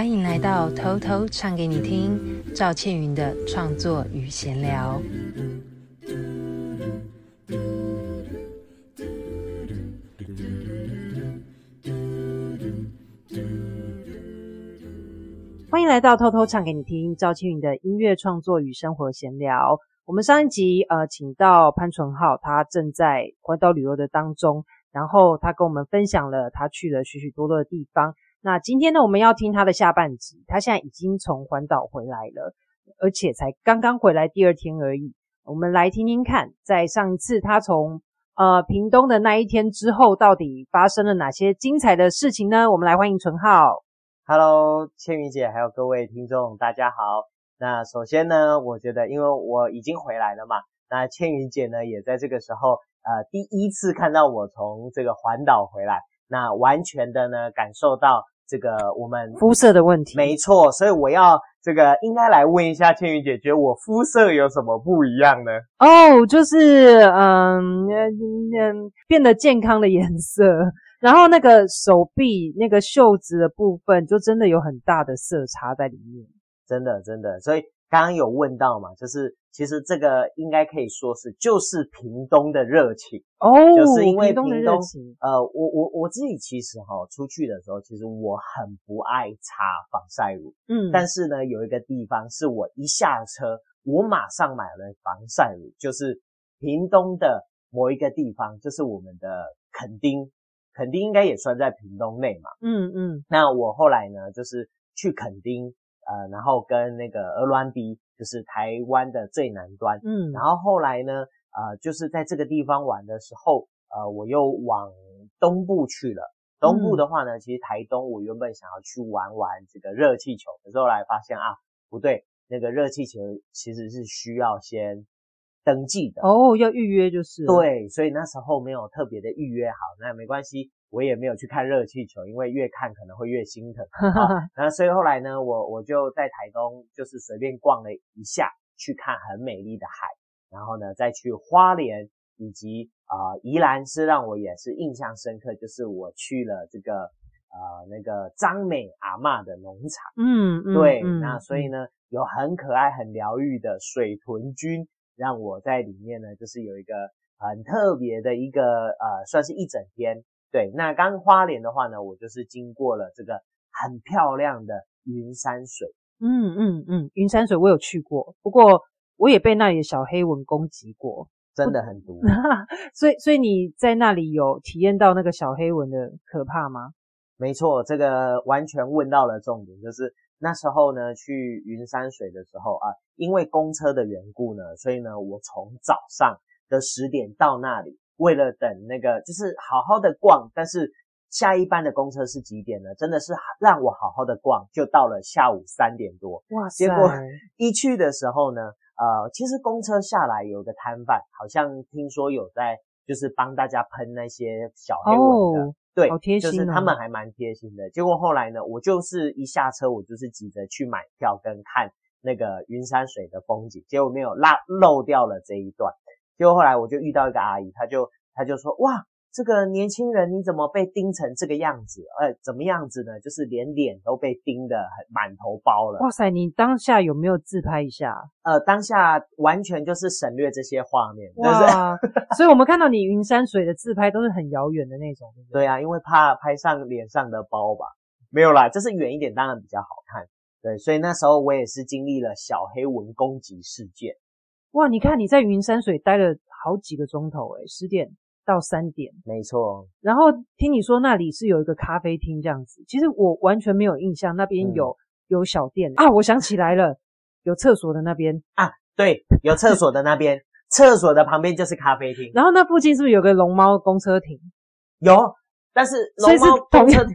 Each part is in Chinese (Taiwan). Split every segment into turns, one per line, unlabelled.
歡迎來到偷偷唱給你聽趙倩雲的創作與閒聊。
歡迎來到偷偷唱給你聽趙倩雲的音樂創作與生活閒聊。我們上一集呃，請到潘純皓，他正在環島旅遊的當中，然後他跟我們分享了他去了許許多多的地方。那今天呢，我們要聽他的下半集。他現在已經從環島回來了，而且才剛剛回來第二天而已。我們來聽聽看，在上一次他從呃屏東的那一天之後，到底發生了哪些精彩的事情呢？我們來歡迎純皓。Hello，千雲姐，還有各位聽眾，大家好。那
首先呢，我覺得，因為我已經回來了嘛，那千雲姐呢，也在這個時候呃第一次看到我從這個環島回來。那完全的呢，感受到這個我們膚色的問題。沒錯，所以我要這個應該來問一下倩雲姐姐，我膚色有什麼不一樣呢？哦
，oh, 就是嗯嗯，嗯，變得健康的顏色，然後那個手臂那個袖子的部分就真的有很大的色差在裡面。真的，真的，所以。
剛剛有問到嘛，就是其實這個應該可以說是就是屏東的熱情哦，oh, 就是因為屏東，屏東的熱情，呃，我我我自己其實哈出去的時候，其實我很不愛擦防曬乳，嗯，但是呢，有一個地方是我一下車，我馬上買了防曬乳，就是屏東的某一個地方，就是我們的墾丁，墾丁應該也算在屏東內嘛，
嗯嗯，嗯，
那我後來呢，就是去墾丁。呃，然後跟那個鵝鑾鼻就是台灣的最南端，嗯，然後後來呢，呃，就是在這個地方玩的時候，呃，我又往東部去了。東部的話呢，嗯、其實台東我原本想要去玩玩這個熱氣球，可是後來發現啊，不對，那個熱氣球其實是需要先登記的。哦，要預約就是。對，所以那時候沒有特別的預約好，那也沒關係。我也沒有去看熱氣球，因為越看可能會越心疼。 那所以後來呢，我我就在台東就是隨便逛了一下，去看很美麗的海。然後呢，再去花蓮以及呃宜蘭，是讓我也是印象深刻。就是我去了這個呃那個張美阿嬤的農場。嗯，嗯，對，嗯、那所以呢，有很可愛、很療癒的水豚君，讓我在裡面呢，就是有一個很特別的一個呃，算是一整天。對，那剛剛花蓮的話呢，我就是經過了這個很漂亮的雲山水。嗯
嗯嗯，雲山水我有去過，不過我也被那裡的小黑蚊攻擊過，真的很毒。 所以，所以你在那裡有體驗到那個小黑蚊的可怕嗎？沒錯，
這個完全問到了重點。就是那時候呢，去雲山水的時候啊，因為公車的緣故呢，所以呢，我從早上的十點到那裡。為了等那個，就是好好的逛，但是下一班的公車是幾點呢？真的是讓我好好的逛，就到了下午三點多。哇塞！結果一去的時候呢，呃，其實公車下來有個攤販，好像聽說有在就是幫大家噴那些小黑蚊
的，哦、對，好貼心哦、就是他們
還蠻貼心的。結果後來呢，我就是一下車，我就是急着去買票跟看那個雲山水的風景，結果沒有落漏掉了這一段。就後來我就遇到一個阿姨，她就她就說：“哇，這個年輕人你怎麼被叮成這個樣子？呃，怎麼樣子呢？就是連臉都被叮得滿頭包了。”哇
塞，你當下有沒有自拍一下？
呃，當下完全就是省略這些畫面。對哇、就是、
所以我們看到你雲山水的自拍都是很遙遠的那種。
對啊，因為怕拍上臉上的包吧。沒有啦，就是遠一點，當然比較好看。對，所以那時候我也是經歷了小黑蚊攻擊事件。
哇，你看你在雲山水待了好幾個鐘頭、欸，哎，十點到三點，
沒錯。
然後聽你說那裡是有一個咖啡廳這樣子，其實我完全沒有印象那邊有、嗯、有小店。啊，我想起來了，有廁所的那邊。
啊，對，有廁所的那邊， 廁所的旁邊就是咖啡廳。
然後那附近是不是有個龍貓公車亭？有，但是龍貓公車
亭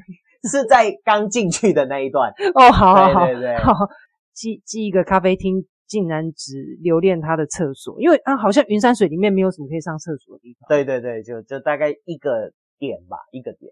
是
在剛進去的那一段 哦。好好好，好記記一個咖啡廳。竟然只留戀他的廁所，因為啊，好像雲山水裡面沒有什麼可以上廁所的地
方。對對對，就就大概一個點吧，一個點。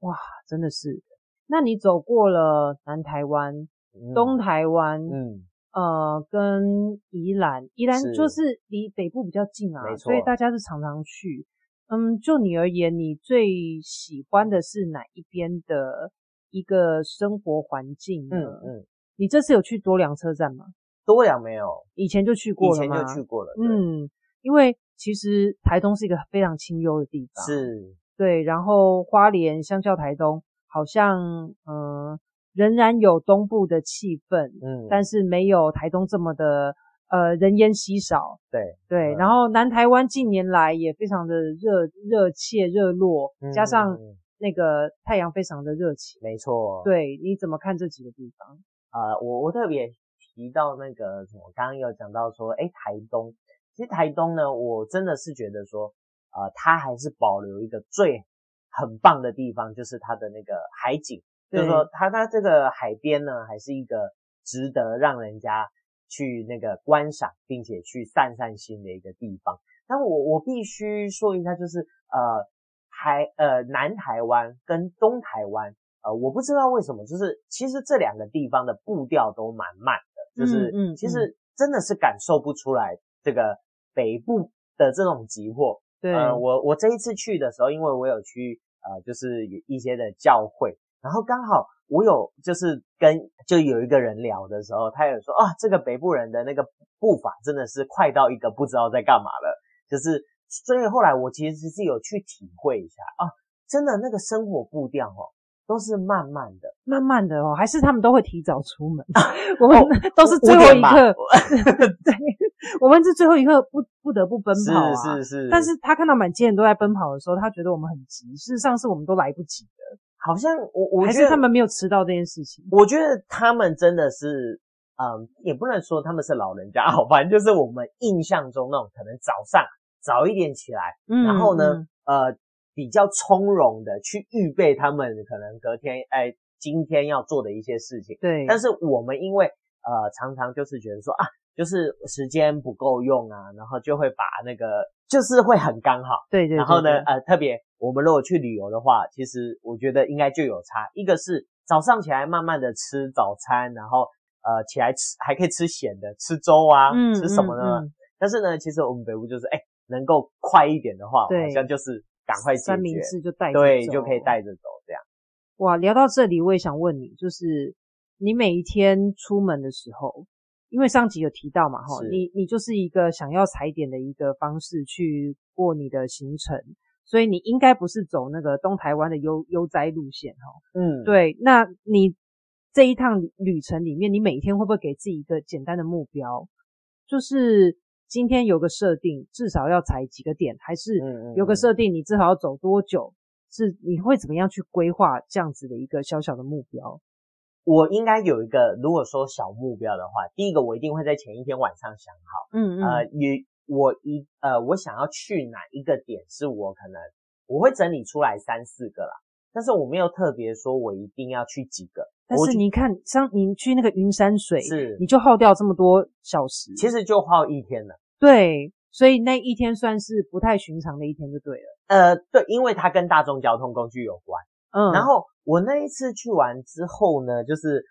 哇，真的是。那你走過了南台灣、嗯、東台灣，嗯，呃，跟宜蘭，宜蘭就是離北部比較近啊，是所以大家是常常去。沒錯嗯，就你而言，你最喜歡的是哪一邊的一個生活環境、啊嗯？嗯嗯。你這次有去多良車站嗎？多良沒有，以前，就去過以前就去過了，以前就去過了。嗯，因為其實台東是一個非常清幽的地方，是，對。然後花蓮相較台東，好像嗯、呃，仍然有東部的氣氛，嗯，但是沒有台東這麼的呃人煙稀少。對，對。呃、然後南台灣近年來也非常的熱熱切熱絡，加上那個太陽非常的熱情，
沒錯、嗯。嗯嗯、對，
你怎麼看這幾個地方？
啊、呃，我我特別。提到那個什麼，我剛剛有講到說，哎、欸，台東，其實台東呢，我真的是覺得說，呃，它還是保留一個最很棒的地方，就是它的那個海景，
就是說
它它這個海邊呢，還是一個值得讓人家去那個觀賞，並且去散散心的一個地方。
那我我必須
說一下，就是呃台呃南台灣跟東台灣，呃，我不知道為什麼，就是其實這兩個地方的步調都蠻慢。就是，嗯，嗯，其實真的是感受不出來這個北部的這種急迫。對，呃，我我這一次去的時候，因為我有去呃，就是有一些的教會，然後剛好我有就是跟就有一個人聊的時候，他有說啊，這個北部人的那個步伐真的是快到一個不知道在幹嘛了。就是，所以後來我其實是有去體會一下啊，真的那個生活步調哦。都是慢慢的，
慢慢的哦，還是他們都會提早出門？啊、我們都是最後一刻，哦、 對，我們是最後一刻不不得不奔跑、啊、是是是。但是他看到滿街人都在奔跑的時候，他覺得我們很急。事實上是，我們都來不及的，好像我我覺得還是他們
沒有遲到這件事情。我覺得他們真的是，嗯，也不能說他們是老人家，哦，反正就是我們印象中那種可能早上早一點起來，嗯、然後呢，呃。比較從容的去預備他們可能隔天哎、欸、今天要做的一些事情，對。但是我們因為呃常常就是覺得說啊，就是時間不夠用啊，然後就會把那個就是會很剛好，對對，對對。然後呢呃特別我們如果去旅遊的話，其實我覺得應該就有差。一個是早上起來慢慢的吃早餐，然後呃起來吃還可以吃鹹的吃粥啊，嗯、吃什麼呢？嗯嗯、但是呢其實我們北部就是哎、欸、能夠快一點的話，對好像就是。趕快三明治就帶，對，就可以帶着走這樣。
哇，聊到這裡，我也想問你，就是你每一天出門的時候，因為上集有提到嘛，齁是，你你就是一個想要踩點的一個方式去過你的行程，所以你應該不是走那個東台灣的悠悠哉路線，喔，齁，嗯，對，那你這一趟旅程裡面，你每一天會不會給自己一個簡單的目標？就是。今天有個設定，至少要踩幾個點，還是有個設定，你至少要走多久？嗯嗯嗯。是你會怎麼樣去規劃這樣子的一個小小的目標？
我應該有一個，如果說小目標的話，第一個我一定會在前一天晚上想好，嗯嗯，你、呃、我一呃，我想要去哪一個點，是我可能我會整理出來三四個啦。但是我沒有特別說，我一定要去幾個。
但是你看，就像你去那個雲山水，是你就耗掉這麼多小時，其
實就耗一天了。
對，所以那一天算是不太尋常的一天，就對了。呃，
對，因為它跟大眾交通工具有關。嗯，然後我那一次去完之後呢，就是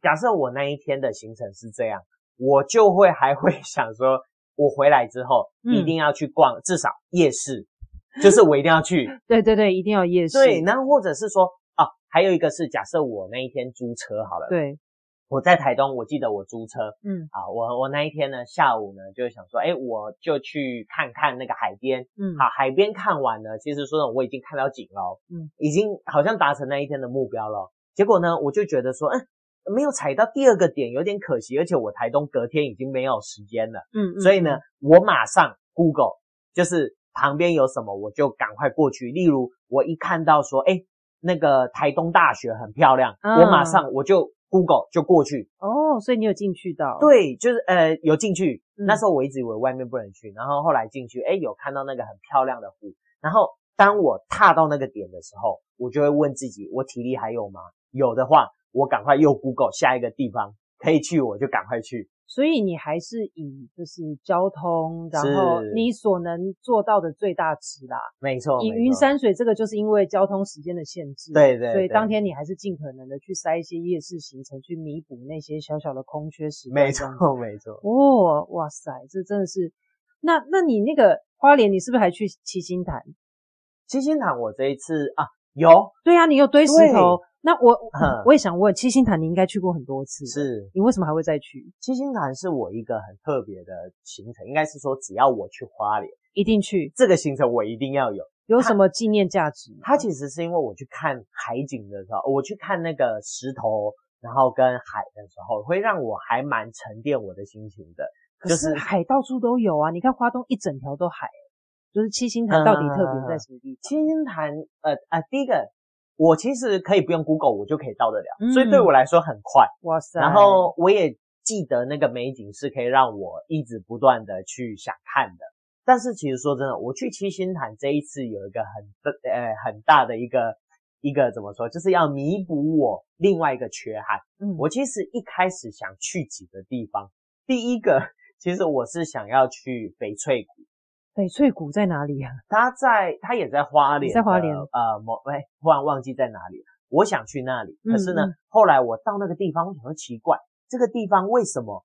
假設我那一天的行程是這樣，我就會還會想說，我回來之後一定要去逛，嗯、至少夜市。 就是我一定要去，
對對對，一定要夜市。對，
然後或者是說啊，還有一個是假設我那一天租車好了，對，我在台東，我記得我租車，嗯，啊，我我那一天呢下午呢就想說，哎、欸，我就去看看那個海邊，嗯，好，海邊看完了，其實說我已經看到景了，嗯，已經好像達成那一天的目標了。結果呢，我就覺得說，嗯，沒有踩到第二個點，有點可惜，而且我台東隔天已經沒有時間了，嗯，嗯，嗯，所以呢，我馬上 Google 就是。旁邊有什麼，我就趕快過去。例如，我一看到說，誒、欸、那個台東大學很漂亮，嗯、我馬上我就 Google 就過去。
哦，所以你有進去的？
對，就是呃有進去。嗯、那時候我一直以為外面不能去，然後後來進去，誒、欸、有看到那個很漂亮的湖。然後當我踏到那個點的時候，我就會問自己，我體力還有嗎？有的話，我趕快又 Google 下一個地方可以去，我就趕快去。
所以你還是以就是交通，然後你所能做到的最大值啦。沒錯，
沒錯。以雲
山水這個就是因為交通時間的限制。對對。對對。所以當天你還是盡可能的去塞一些夜市行程，去彌補那些小小的空缺時間。沒錯沒錯。哦，哇塞，這真的是，那那你那個花蓮，你是不是還去七星潭？七星潭，
我這一次啊
有。對啊，你有堆石頭。那我、嗯、我也想問七星潭，你應該去過很多次，是你為什麼還會再去？七星潭是我一
個很特別的行程，應該是說只要我去花蓮，一定去這個行程，我一定要有。有什麼紀念價值？它它其實是因為我去看海景的時候，我去看那個石頭，然後跟海的時候，會讓我還蠻沉澱我的心情的。
可是海到處都有啊，你看花東一整條都海，就是七星潭到底特別在什麼地方、嗯？七星潭，呃呃，第一個。
我其實可以不用 Google，我就可以到得了，嗯，所以對我來說很快。哇塞！然後我也記得那個美景是可以讓我一直不斷的去想看的。但是其實說真的，我去七星潭這一次有一個很呃很大的一個一個怎麼說，就是要彌補我另外一個缺憾。嗯，我其實一開始想去幾個地方，第一個其實我是想要去翡翠谷。
翡翠谷在哪裡呀、啊？他
在，他也在花蓮，在花蓮。呃，某哎，突然忘記在哪裡，我想去那裡，嗯、可是呢，嗯、後來我到那個地方，我想說奇怪，這個地方為什麼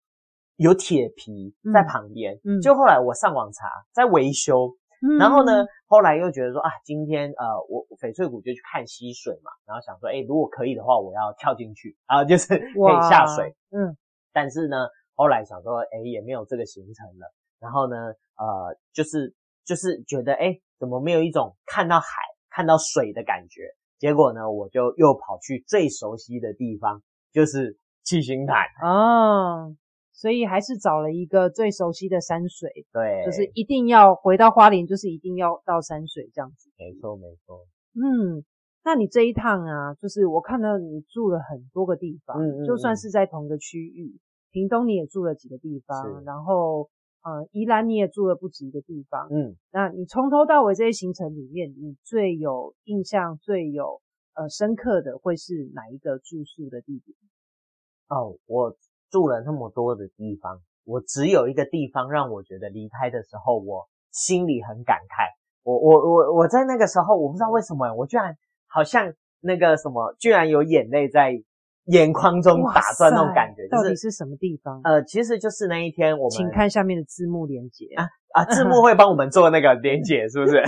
有鐵皮在旁邊？嗯嗯、就後來我上網查，在維修。
嗯、然後呢，
後來又覺得說啊，今天呃，我翡翠谷就去看溪水嘛，然後想說，誒、欸，如果可以的話，我要跳進去啊，然
後就是可以下水。嗯。
但是呢，後來想說，誒、欸，也沒有這個行程了。然後呢，呃，就是就是覺得，哎，怎麼沒有一種看到海、看到水的感覺？結果呢，我就又跑去最熟悉的地方，就是七星潭
啊，哦。所以還是找了一個最熟悉的山水。對，就是一定要回到花蓮，就是一定要到山水這樣子。
沒錯，沒錯。嗯，
那你這一趟啊，就是我看到你住了很多個地方，嗯嗯嗯，就算是在同一個區域，屏東你也住了幾個地方，是然後。呃，宜蘭你也住了不止一個地方。嗯，那你從頭到尾這些行程裡面，你最有印象，最有呃，深刻的會是哪一個住宿的地點？
哦，我住了那麼多的地方，我只有一個地方讓我覺得離開的時候我心裡很感慨。我我我我在那個時候我不知道為什麼我居然，好像那個什麼居然有眼淚在，眼眶中打轉那種感覺，塞就是，到底是
什麼地方？呃，其實就是那一天我們，請看下面的字幕連結啊啊，字幕會
幫我們做那個連結， 是不是？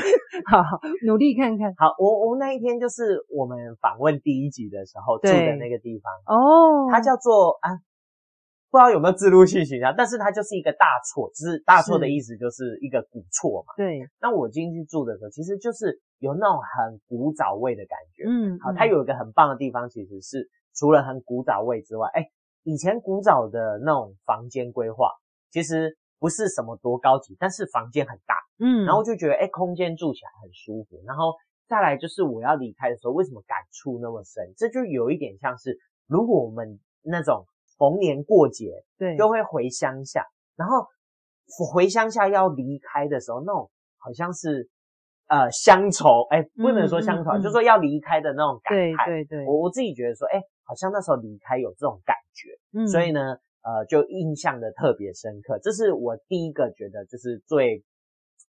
好，好，努力看看。好，我我那一天
就是我們訪問第一集的時候住的那個地方
哦，對它叫做啊，
不知道有沒有字錄信息啊，但是它就是一個大厝，只是大厝的意思就是一個古厝嘛。對，那我今天去住的時候，其實就是有那種很古早味的感覺。嗯，好，它有一個很棒的地方，其實是。除了很古早味之外，哎，以前古早的那種房間規劃其實不是什麼多高級，但是房間很大，嗯，然後就覺得哎，空間住起來很舒服。然後再來就是我要離開的時候，為什麼感觸那麼深？這就有一點像是如果我們那種逢年過節，對，就會回鄉下，然後回鄉下要離開的時候，那種好像是呃鄉愁，哎，不能說鄉愁，就說要離開的那種感慨。對對對，我我自己覺得說，哎。好像那時候離開有這種感覺，嗯，所以呢，呃，就印象的特別深刻，這是我第一個覺得就是最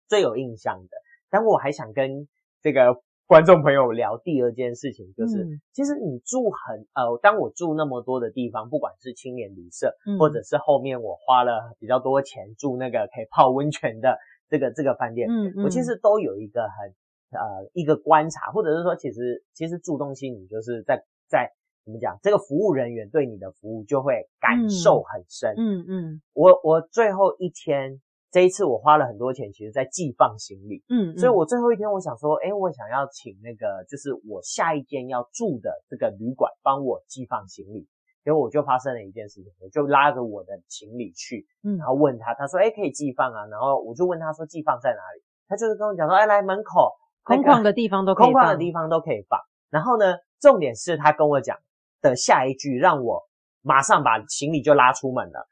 最有印象的。但我還想跟這個觀眾朋友聊第二件事情，就是、嗯、其實你住很呃，當我住那麼多的地方，不管是青年旅社，嗯、或者是後面我花了比較多錢住那個可以泡溫泉的這個這個飯店，嗯，嗯，我其實都有一個很呃一個觀察，或者是說其實其實住東西，你就是在在。怎麼講？這個服務人員對你的服務就會感受很深。嗯嗯，嗯嗯，我我最後一天，這一次我花了很多錢，其實在寄放行李。嗯，嗯，所以我最後一天，我想說，哎，我想要請那個，就是我下一間要住的這個旅館幫我寄放行李。結果我就發生了一件事情，我就拉着我的行李去，然後問他，他說，哎，可以寄放啊。然後我就問他說，寄放在哪裡？他就是跟我講說，哎，來門口空曠的地方都空曠的地方都可以放。然後呢，重點是他跟我講。的下一句讓我馬上把行李就拉出門了。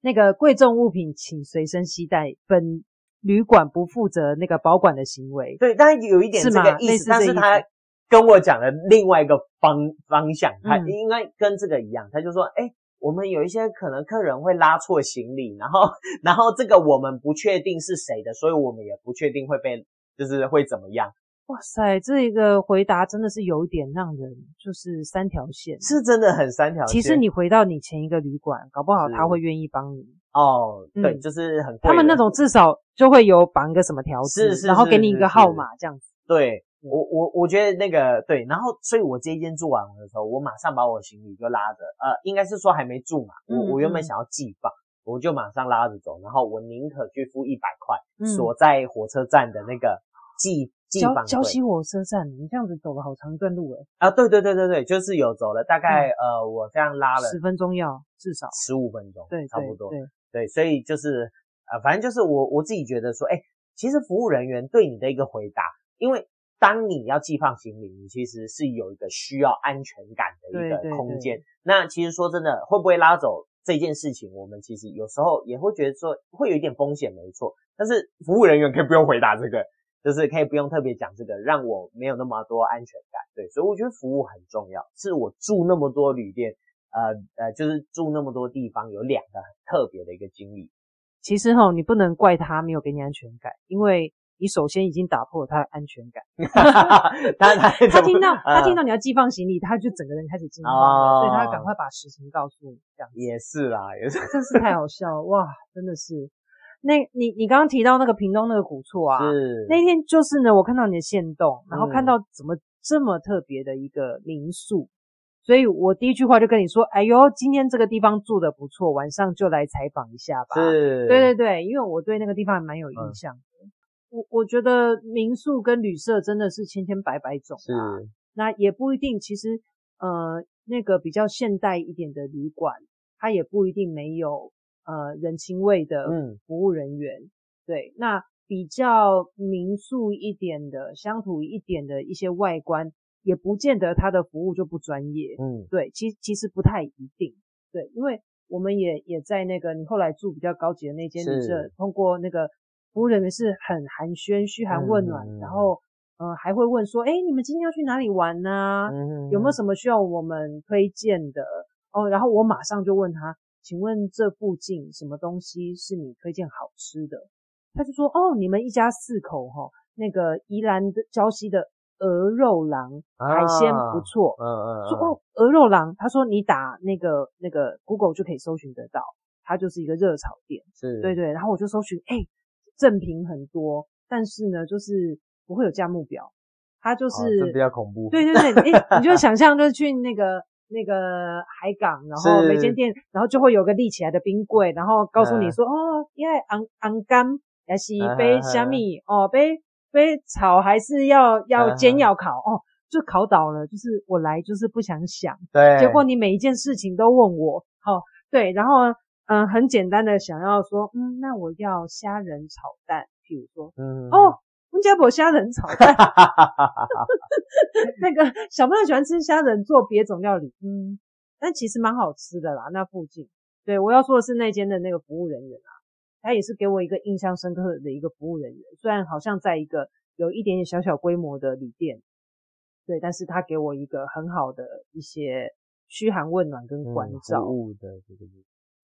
那個貴重物品請隨身攜帶，本旅館不負責那個保管的行為。
對，但是有一點是這個意思，是但是他跟我講的另外一個方方向，他應該跟這個一樣，嗯、他就說，哎、欸，我們有一些可能客人會拉錯行李，然後，然後這個我們不確定是誰的，所以我們也不確定會被，就是會怎麼樣。
哇塞，這一個回答真的是有點讓人，就是三條線，是
真的很三條線。其實你
回到你前一個旅館，搞不好他會願意幫你
哦。對，嗯、就
是很，他們那種至少就會有綁個什麼條子，然後給你一個號碼，是是是這樣子。
對，我我我覺得那個對，然後所以我這一間住完了的時候，我馬上把我行李就拉着，呃，應該是說還沒住嘛，我嗯嗯我原本想要寄放，我就馬上拉着走，然後我寧可去付一百塊，嗯、鎖在火車站的那個寄。放消息，
我身上，你這樣子走了好長一段路哎。
啊，對對對對對，就是有走了，大概、嗯、呃，我這樣拉了十分
鐘要至少
十五分鐘，對，差不多，對，所以就是呃，反正就是我我自己覺得說，哎、欸，其實服務人員對你的一個回答，因為當你要寄放行李，你其實是有一個需要安全感的一個空間。對對對，那其實說真的，會不會拉走這件事情，我們其實有時候也會覺得說會有一點風險，沒錯。但是服務人員可以不用回答這個。就是可以不用特別講這個，讓我沒有那麼多安全感。對，所以我覺得服務很重要。是我住那麼多旅店，呃呃，就是住那麼多地方，有兩個特別的一個經
歷。其實齁，你不能怪他沒有給你安全感，因為你首先已經打破了他的安全感。 他他，他，他聽到他聽到你要寄放行李，嗯、他就整個人開始緊張，哦、所以他趕快把實情告訴你。這樣子
也是啦，也是，真是
太好笑， 哇！真的是。那你你剛剛提到那個屏東那個古厝啊，是那天就是呢，我看到你的限動，然後看到怎麼這麼特別的一個民宿，嗯、所以我第一句話就跟你說，哎呦，今天這個地方住得不錯，晚上就來採訪一下吧。是，對對對，因為我對那個地方還蠻有印象的。嗯、我我覺得民宿跟旅社真的是千千百百種啊，啊那也不一定。其實呃，那個比較現代一點的旅館，它也不一定沒有。呃，人情味的服務人員，嗯、對，那比較民宿一點的，鄉土一點的一些外觀，也不見得他的服務就不專業，嗯，對，其實其實不太一定，對，因為我們也也在那個你後來住比較高級的那間旅社，是通過那個服務人員是很寒暄、噓寒問暖，嗯、然後嗯、呃，還會問說，哎、欸，你們今天要去哪裡玩呢？嗯，有沒有什麼需要我們推薦的？哦，然後我馬上就問他。請問這附近什麼東西是你推薦好吃的？他就說哦，你們一家四口哈，哦，那個宜蘭的礁溪的鵝肉郎海鮮不錯。嗯
嗯，啊。啊啊、說哦，
鵝肉郎，他說你打那個那個 Google 就可以搜尋得到，它就是一個熱炒店。是。對對。然後我就搜尋，哎，正品很多，但是呢，就是不會有價目表，它就是，啊，這比
較恐怖。對
對對，你你就想象就去那個。那個海港，然後每間店，是然後就會有個立起來的冰櫃，然後告訴你說，嗯、哦，因為昂昂干也是杯，蝦米、嗯嗯、哦，杯，杯炒還是要要煎要烤、嗯、哦，就考倒了，就是我來就是不想想，對，結果你每一件事情都問我，好、哦，對，然後嗯很簡單的想要說，嗯，那我要蝦仁炒蛋，譬如說，
嗯哦。
蝦仁很那個小朋友喜歡吃蝦仁，做別種料理，嗯，但其實蠻好吃的啦。那附近，對，我要說的是那間的那個服務人員啊，他也是給我一個印象深刻的一個服務人員，雖然好像在一個有一點點小小規模的旅店，對，但是他給我一個很好的一些噓寒問暖跟關照、嗯、服
務的這個，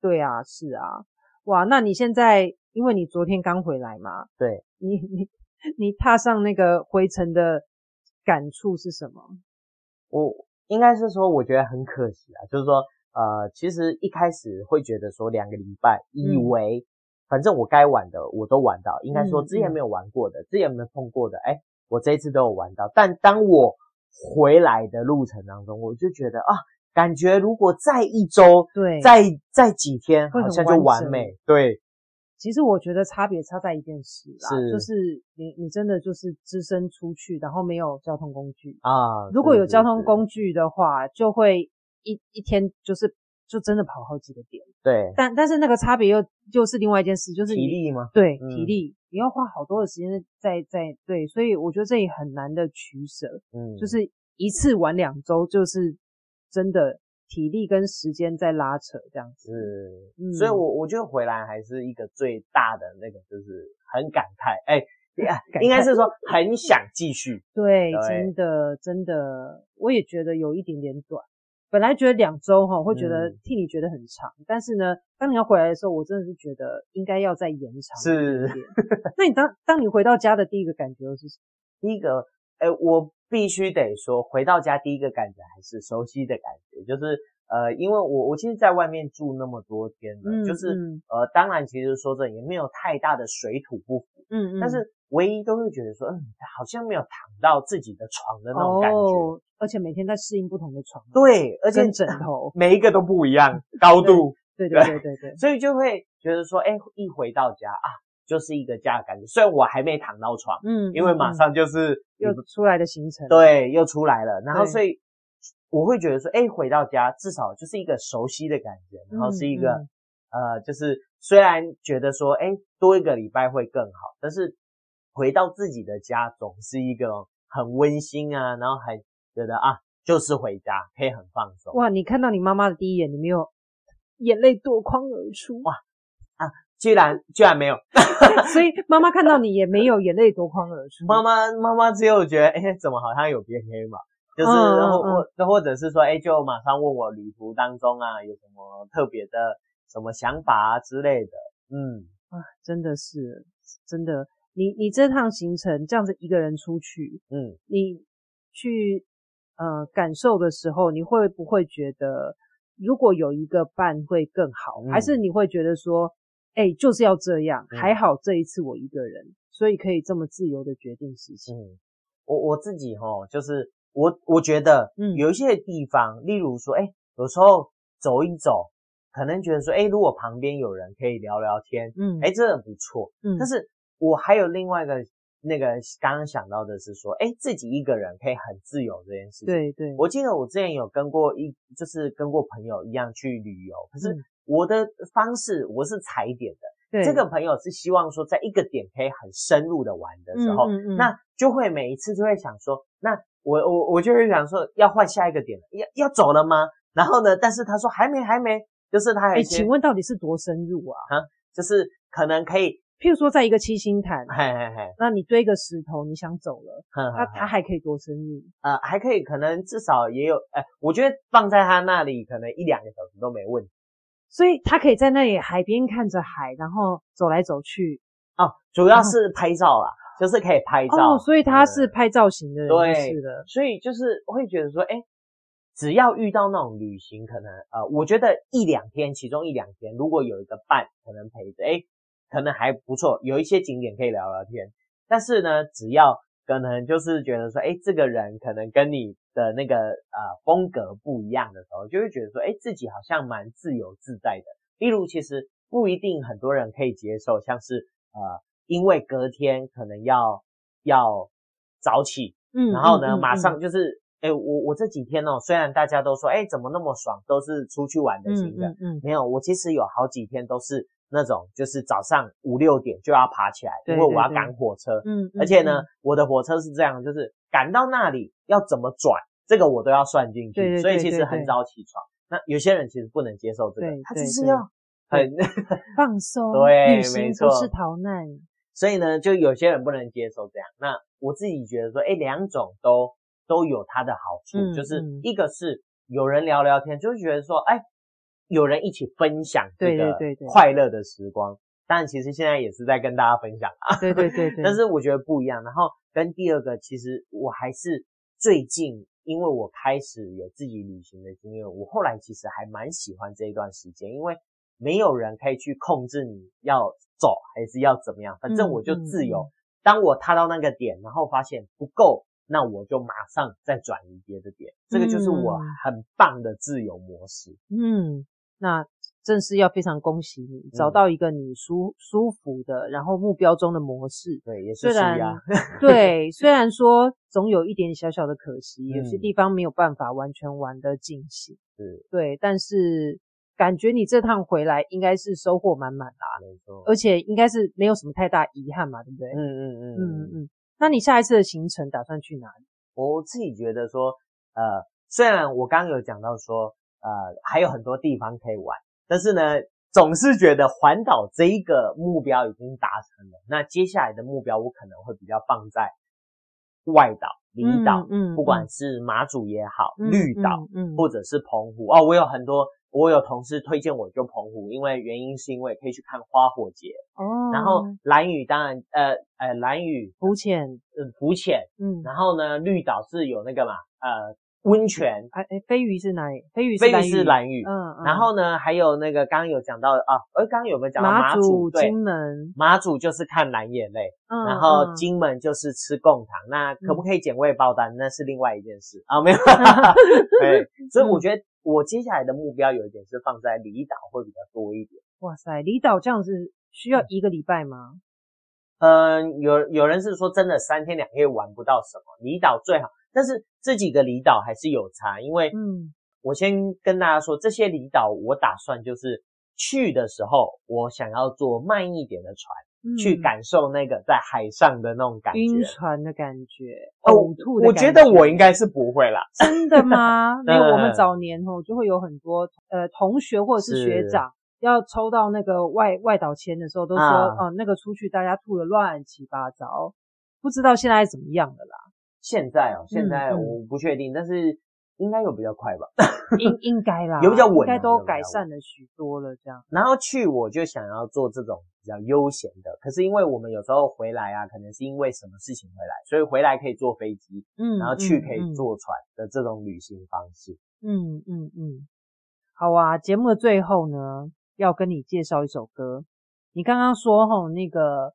對啊，是啊，哇，那你現在因為你昨天剛回來嘛，對，你你。你你踏上那個回程的感觸是什麼？
我應該是說，我覺得很可惜啊，就是說，呃，其實一開始會覺得說，兩個禮拜，以為、嗯、反正我該玩的我都玩到，應該說之前沒有玩過的，嗯、之前沒有碰過的，嗯、哎，我這一次都有玩到。但當我回來的路程當中，我就覺得啊，
感覺如果再一週，對，再再幾天，好像就完美，對。其實我覺得差別差在一件事啦，是，就是你你真的就是只身出去，然後沒有交通工具
啊。如果
有交通工具的話，是是是就會一一天就是就真的跑好幾個點。對，但但是那個差別又又、就是另外一件事，就是體力嘛。對，體力、嗯、你要花好多的時間在在對，所以我覺得這裡很難的取捨。嗯，就是一次玩兩周，就是真的。體力跟時間在拉扯，這樣子
是，嗯、所以我，我我覺得回來還是一個最大的那個，就是很感慨，哎、欸、感慨 應該是說很想繼續，對，對真
的真的，我也覺得有一點點短，本來覺得兩周哈，我會覺得替你覺得很長，嗯、但是呢，當你要回來的時候，我真的是覺得應該要再延長一點點是。 那你當當你回到家的第一個感覺是什麼？
第一個，哎、欸，我。必須得說，回到家第一個感覺還是熟悉的感覺，就是呃，因為我我其實在外面住那麼多天了，嗯嗯就是呃，當然其實說這也沒有太大的水土不服，嗯，嗯但是唯一都會覺得說，嗯，好像沒有躺到自己的床的那種
感覺，哦、而且每天在適應不同的床，對，而且枕頭每一個都不一
樣，高度， 對，對對對對對，對，對，所以就會覺得說，哎、欸，一回到家啊。就是一個家的感覺，雖然我還沒躺到床，嗯，因為馬上就是、嗯、又
出來的行程，對，
又出來了，然後所以對我會覺得說，哎，回到家至少就是一個熟悉的感覺，然後是一個、嗯嗯、呃，就是雖然覺得說，哎，多一個禮拜會更好，但是回到自己的家總是一個很溫馨啊，然後還覺得啊，就是回家可以很放鬆。哇，
你看到你媽媽的第一眼，你沒有眼淚奪眶而出？哇。居然居然沒有， 所以媽媽看到你也沒有眼淚奪眶而出。媽媽媽
媽只有覺得，哎，怎麼好像有變黑嘛？就是或或，啊啊啊或者是說，哎，就馬上問我旅途當中啊有什麼特別的、什麼想法啊之類的。
嗯啊，真的是真的，你你這趟行程這樣子一個人出去，嗯，你去呃感受的時候，你會不會覺得如果有一個伴會更好？嗯、還是你會覺得說？哎，就是要這樣。還好這一次我一個人，嗯、所以可以這麼自由的決定事情。嗯、
我我自己齁，就是我我覺得，嗯，有一些地方，嗯、例如說，哎，有時候走一走，可能覺得說，哎，如果旁邊有人可以聊聊天，嗯，哎，這很不錯。嗯。但是我還有另外一個那個剛剛想到的是說，哎，自己一個人可以很自由這件事情對。對對。我記得我之前有跟過一，就是跟過朋友一樣去旅遊，可是。嗯我的方式我是踩點的，對這個朋友是希望說在一個點可以很深入的玩的時候，嗯嗯嗯、那就會每一次就會想說，那我我我就會想說要換下一個點，要要走了嗎？
然後呢，但是他說還沒還沒，就是他還、欸。請問到底是多深入啊？哈，就是可能可以，譬如說在一個七星潭嘿嘿嘿，那你堆個石頭，你想走了，嘿嘿嘿那他還可以多深入，呃，還可以可能至少也有，哎、欸，我覺得放在
他那裡可能一兩個小時都沒問題。
所以他可以在那裡海邊看着海，然後走來走去。哦，主要是
拍照啦，嗯、就是可以拍照。哦，
所以他是拍照型的人，對，是的。
所以就是會覺得說，哎、欸，
只要
遇到那種旅行，可能呃，我覺得一兩天，其中一兩天，如果有一個伴可能陪着，哎、欸，可能還不錯。有一些景點可以聊聊天。但是呢，只要可能就是覺得說，哎、欸，這個人可能跟你的那個呃風格不一樣的時候，就會覺得說，哎、欸，自己好像蠻自由自在的。例如，其實不一定很多人可以接受，像是呃，因為隔天可能要要早起，嗯，然後呢，嗯嗯嗯、馬上就是，哎、欸，我我這幾天哦、喔，雖然大家都說，哎、欸，怎麼那麼爽，都是出去玩的
行程嗯，嗯，嗯，
沒有，我其實有好幾天都是那種，就是早上五六點就要爬起來，對對對，因為我要趕火車，對對對。嗯，而且呢，我的火車是這樣，就是。趕到那裡要怎麼轉，這個我都要算進去，對對對，所以其實很早起床。對對對對，那有些人其實不能接受這個，他只是要很、嗯、
放鬆。 對，沒錯，旅行不是逃難。
所以呢，就有些人不能接受這樣。那我自己覺得說，哎，兩種都都有它的好處，嗯、就是一個是有人聊聊天，就覺得說，哎，有人一起分享這個快樂的時光。對對對對但其實現在也是在跟大家分享啊，對對對對。 但是我覺得不一樣，然後跟第二個，其實我還是最近，因為我開始有自己旅行的經驗，我後來其實還蠻喜歡這一段時間，因為沒有人可以去控制你要走還是要怎麼樣，反正我就自由。當我踏到那個點，然後發現不夠，那我就馬上再轉移別的點，這個就是我很棒的自
由模式。嗯，嗯，那。正是要非常恭喜你，找到一個你舒服、嗯、舒服的，然後目標中的模式。對，也是、啊。這樣。對， 雖然說總有一點小小的可惜，嗯、有些地方沒有辦法完全玩得盡興。是對。但是感覺你這趟回來應該是收穫滿滿的、啊，沒錯。而且應該是沒有什麼太大遺憾嘛，對不對？嗯嗯嗯
嗯，
嗯
嗯。那你下一次的行程打算去哪裡？
我自己覺得說，呃，雖然我剛剛有講到說，呃，還有很多地方可以玩。但是呢，總是覺得環島這一個目標已經達成了，那接下來的目標我可能會比較放在外島、離島、嗯，嗯，不管是馬祖也好，嗯、綠島，嗯，嗯，或者是澎湖哦，我有很多，我有同事推薦我就澎湖，因為原因是因為可以去看花火節哦，然後蘭嶼當然，呃呃，蘭嶼浮潛，嗯，浮潛，嗯，嗯，然後呢，綠島是有那個嘛，呃。
溫泉，
哎哎，飛魚是哪裡？飛魚是蘭嶼，嗯。嗯，然後呢，還有那個剛剛有講到啊，哎，剛剛有沒有講到？馬祖？馬祖對，金門。馬祖就是看藍眼淚，嗯、然後金門就是吃貢糖。那可不可以撿未爆彈？嗯、那是另外一件事啊，沒有。 對，所以我覺得我接下來的目標有一點是放在離島會比較多一點。
哇塞，離島這樣子需要一個禮拜嗎？嗯，
嗯，有有人是說真的三天兩夜玩不到什麼，離島最好。但是這幾個離島還是有差，因為嗯，我先跟大家說，這些離島我打算就是去的時候，我想要坐慢一點的船，嗯、去感受那個在海上的那種感覺，
暈船的感覺，嘔吐的感覺。我覺得我
應該是不會啦。
真的嗎？因為 那我們早年哦、喔，就會有很多呃同學或者是學長要抽到那個外外島籤的時候，都說哦、啊呃、那個出去大家吐的亂七八糟，不知道現在是怎麼樣的啦。現在哦，現在我
不確定，嗯、但是應該又比較快吧，應
應該啦，也 比較穩、啊，應該都改善了許多了這樣。
然後去我就想要做這種比較悠閒的，可是因為我們有時候回來啊，可能是因為什麼事情回來，所以回來可以坐飛機，嗯，然後去可以坐船的這種旅行方式，嗯嗯
嗯，好啊，節目的最後呢，要跟你介紹一首歌，你剛剛說吼那個。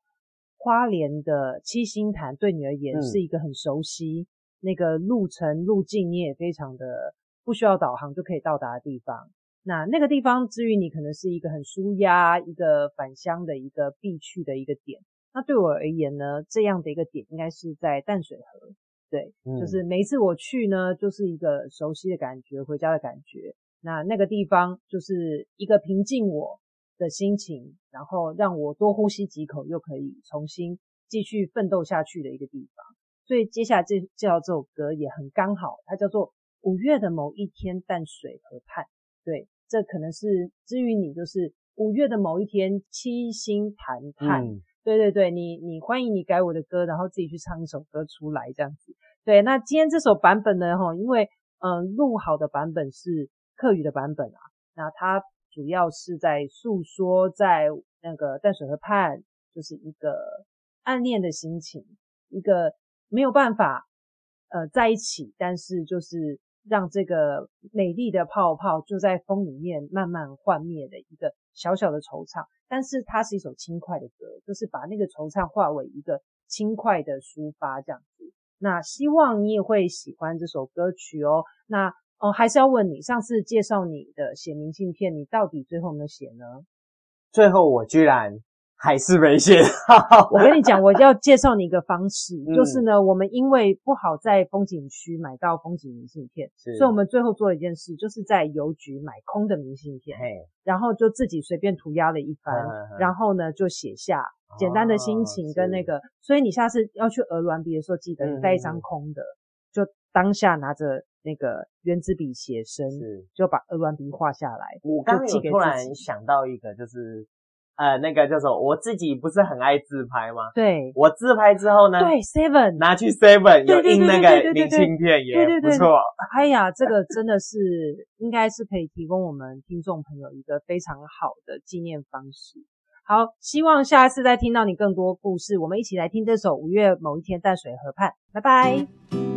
花蓮的七星潭對你而言是一個很熟悉，那個路程路徑你也非常的不需要導航就可以到達的地方。那那個地方，之於你可能是一個很舒壓、一個返鄉的一個必去的一個點。那對我而言呢，這樣的一個點應該是在淡水河。對，就是每一次我去呢，就是一個熟悉的感覺，回家的感覺。那那個地方就是一個平靜我的心情，然後讓我多呼吸幾口，又可以重新繼續奮鬥下去的一個地方。所以接下來這這首歌也很剛好，它叫做《五月的某一天淡水河畔》。對，這可能是至於你，就是五月的某一天七星談判。嗯、對對對，你你歡迎你改我的歌，然後自己去唱一首歌出來這樣子。對，那今天這首版本呢？哈，因為嗯錄好的版本是課語的版本啊，那它。主要是在訴說，在那個淡水河畔，就是一個暗戀的心情，一個沒有辦法，呃，在一起，但是就是讓這個美麗的泡泡就在風裡面慢慢幻滅的一個小小的惆悵。但是它是一首輕快的歌，就是把那個惆悵化為一個輕快的抒發這樣子。那希望你也會喜歡這首歌曲哦。那哦，還是要問你，上次介紹你的寫明信片，你到底最後沒寫呢？
最後我居然
還是沒寫。
我跟你講，我要介紹你一個方式，嗯、就是呢，我們因為不好在風景區買到風景明信片，是所以我們最後做了一件事，就是在郵局買空的明信片，嘿然後就自己隨便塗鴉了一番，嘿嘿然後呢就寫下簡單的心情跟那個。哦、所以你下次要去鵝鑾鼻的時候，記得帶一張空的，嗯、就當下拿着。那個原子筆寫生，是，就把二萬筆畫下來。我剛有突然
想到一個，就是呃，那個叫做我自己不是很愛自拍嗎？對，我自拍之後呢，對，seven 拿去 seven 有印那個明信片，也不錯。
哎呀，這個真的是 應該是可以提供我們聽眾朋友一個非常好的紀念方式。好，希望下一次再聽到你更多故事，我們一起來聽這首《五月某一天淡水河畔》。拜
拜。